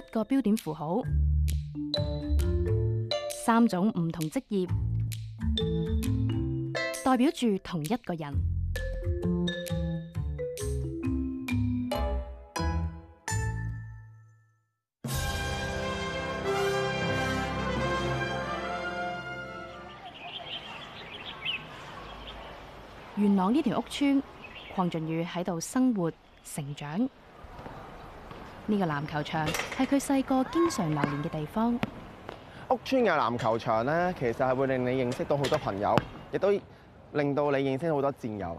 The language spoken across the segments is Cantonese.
一個標點符號，三種唔同職業，代表住同一個人。元朗呢條屋村，鄺俊宇喺度生活成長。呢個籃球場係佢細個經常留連嘅地方。屋村嘅籃球場呢，其實係會令你認識到好多朋友，亦都令到你認識好多戰友。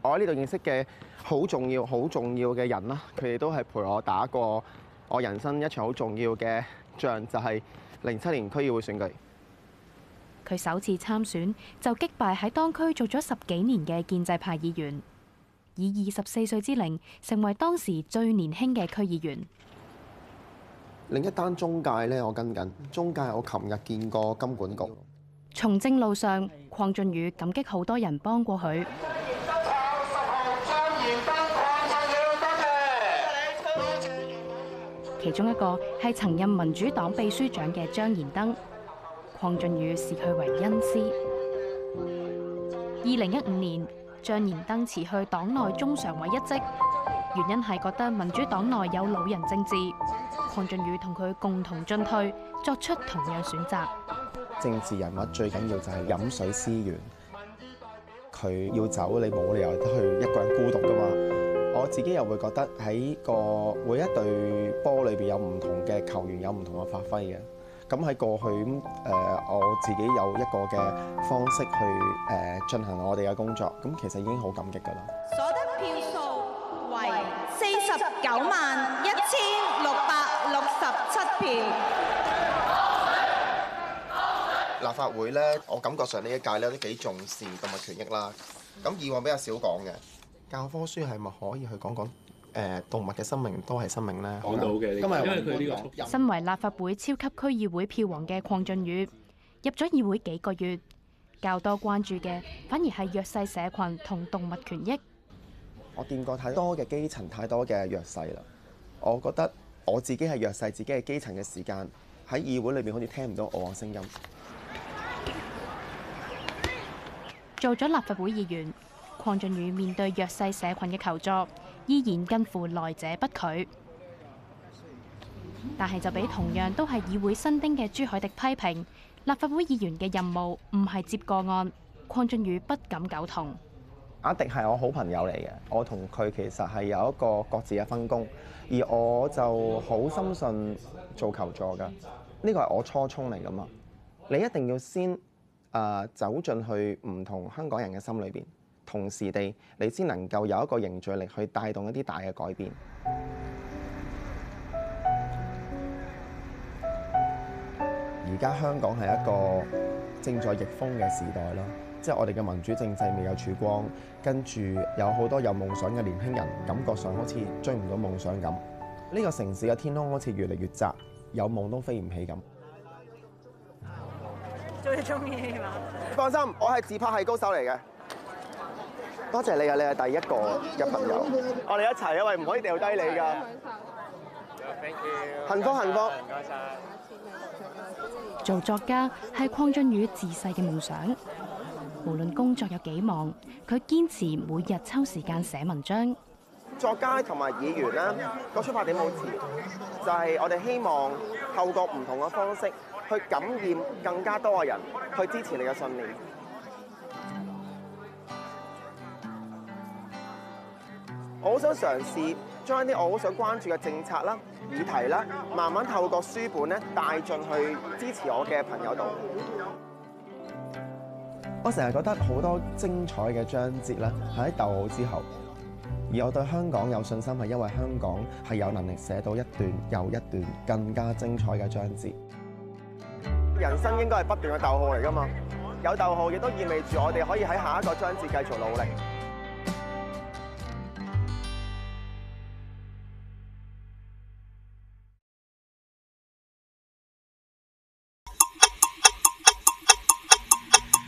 我喺呢度認識嘅好重要、好重要嘅人啦，佢哋都係陪我打過我人生一場好重要嘅仗，就係零七年區議會選舉。佢首次參選就擊敗喺當區做咗十幾年嘅建制派議員。以二十四歲之齡，成為當時最年輕嘅區議員。另一單中介呢，我跟緊，中介我琴日見過金管局。從政路上，鄺俊宇感激好多人幫過佢。謝謝其中一個係曾任民主黨秘書長嘅張賢登，鄺俊宇視佢為恩師。二零一五年，將賢登辭去黨內中常委一職，原因係覺得民主黨內有老人政治。鄺俊宇同佢共同進退，作出同樣選擇。政治人物最緊要就係飲水思源，佢要走你冇理由去一個人孤獨噶嘛。我自己又會覺得喺個每一隊波裏邊有唔同嘅球員有唔同嘅發揮嘅。咁喺過去咁誒，我自己有一個嘅方式去誒進行我哋嘅工作，咁其實已經好感激㗎啦。所得票數為四十九萬一千六百六十七票。立法會呢，我感覺上呢一屆呢都幾重視動物權益啦。咁以往比較少講嘅教科書係咪可以去講講？誒、呃、動物嘅生命都係生命咧。講到嘅，今因為佢呢個身為立法會超級區議會票王嘅鄺俊宇，入咗議會幾個月，較多關注嘅反而係弱勢社群同動物權益。我見過太多嘅基層，太多嘅弱勢啦。我覺得我自己係弱勢，自己係基層嘅時間喺議會裏面好似聽唔到我嘅聲音。做咗立法會議員，鄺俊宇面對弱勢社群嘅求助。依然近乎來者不拒，但係就俾同樣都係議會新丁嘅朱海迪批評，立法會議員嘅任務唔係接個案，鄺俊宇不敢苟同。阿迪係我好朋友嚟嘅，我同佢其實係有一個各自嘅分工，而我就好深信做求助嘅，呢個係我初衷嚟噶嘛。你一定要先誒走進去唔同香港人嘅心裏邊。同時地，你先能夠有一個凝聚力去帶動一啲大嘅改變。而家香港係一個正在逆風嘅時代咯，即係我哋嘅民主政制未有曙光，跟住有好多有夢想嘅年輕人，感覺上好似追唔到夢想咁。呢個城市嘅天空好似越嚟越窄，有夢都飛唔起咁。最中意嘛？放心，我係自拍係高手嚟嘅。多謝你啊！你係第一個嘅朋友，我哋一齊，因為唔可以掉低你㗎！幸福幸福，做作家係鄺俊宇自細嘅夢想。無論工作有幾忙，佢堅持每日抽時間寫文章。作家同埋議員啦，個出發點冇錯，就係我哋希望透過唔同嘅方式，去感染更加多嘅人，去支持你嘅信念。我好想嘗試將一啲我好想關注嘅政策啦、議題啦，慢慢透過書本咧帶進去支持我嘅朋友度。我成日覺得好多精彩嘅章節咧係喺逗號之後，而我對香港有信心係因為香港係有能力寫到一段又一段更加精彩嘅章節。人生應該係不斷嘅逗號嚟㗎嘛，有逗號亦都意味住我哋可以喺下一個章節繼續努力。